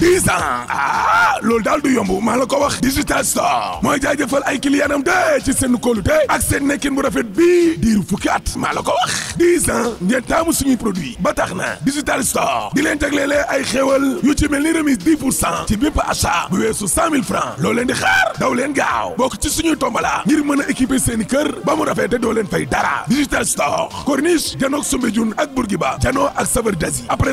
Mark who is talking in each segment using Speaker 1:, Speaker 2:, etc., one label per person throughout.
Speaker 1: dix ans ah daal du yomb maa la ko wax digital store mooy jaajëfal ay clientam de ci seen kóolute ak seen nekkin bu rafet bii diiru fukki at maa la ko wax dix ans ngeen taamu suñuy produit ba tax na digital store di leen jagleele ay xéewal yu ci mel ni remise dix pour cent ci bépp achat bu weesu cent mille francs loo leen di xaar daw leen gaaw bokk ci suñuy tombala ngir mën a équiper seen i kër ba mu rafet te doo leen fay dara digital store corniche janook Soumbédioune ak Bourguiba janoo ak Saveur d'Asie après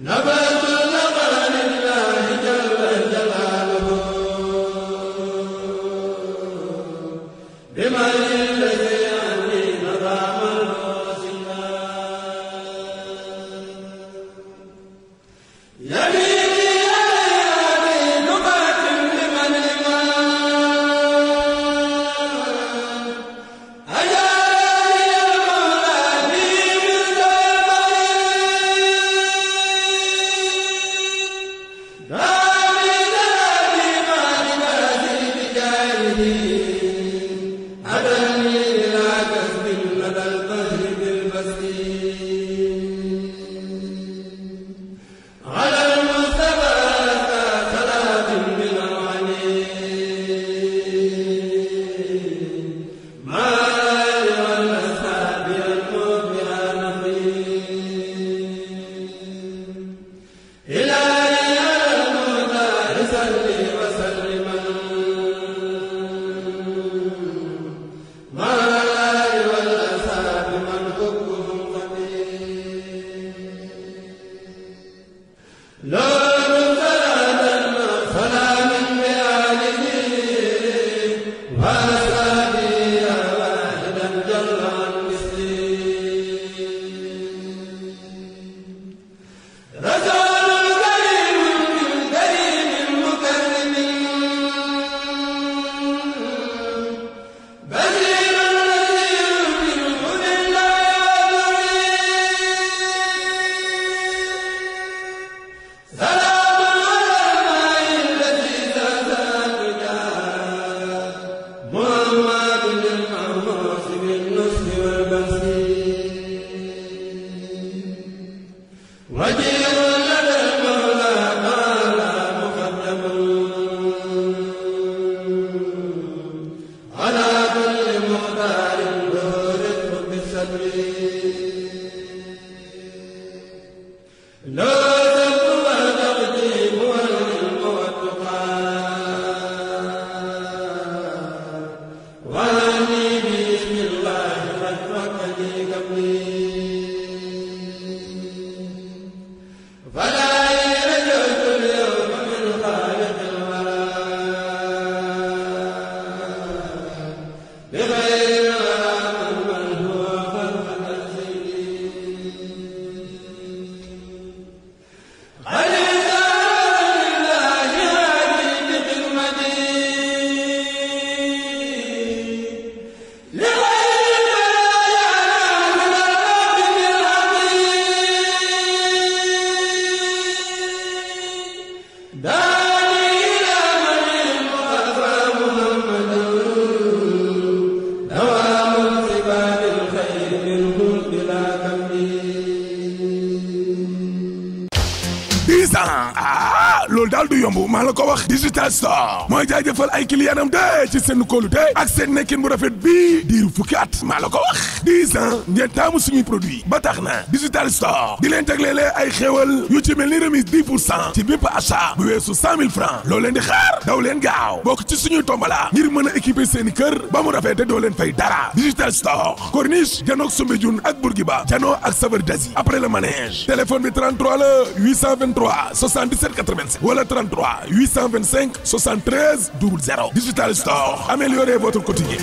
Speaker 2: Naba البدري la
Speaker 1: ah loolu daal du yomb maa la ko wax digital store mooy jaajëfal ay clientam de ci seen kóolute ak seen nekkin bu rafet bii diiru fukki at maa la ko wax dix ans taamu suñuy produit ba tax na digital store di leen jaglelee ay xéewal yu ci mel ni remise 10 pour cent ci bépp achat bu weesu cent mille leen di xaar daw leen gaaw bokk ci suñuy tombala ngir mën a équiper seeni kër ba mu rafet te doo leen fay dara digital store corniche janook Soumbédioune ak 77 87 wala 33 825 73 00 Digital Store améliorez votre quotidien.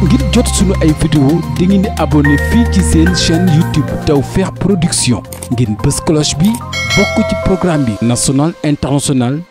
Speaker 1: ngir jot sunu ay vidéo di ngeen di abonné fii ci seen chaîne YouTube Tawfekh Production ngir bës cloche bi bokk ci programme bi national international.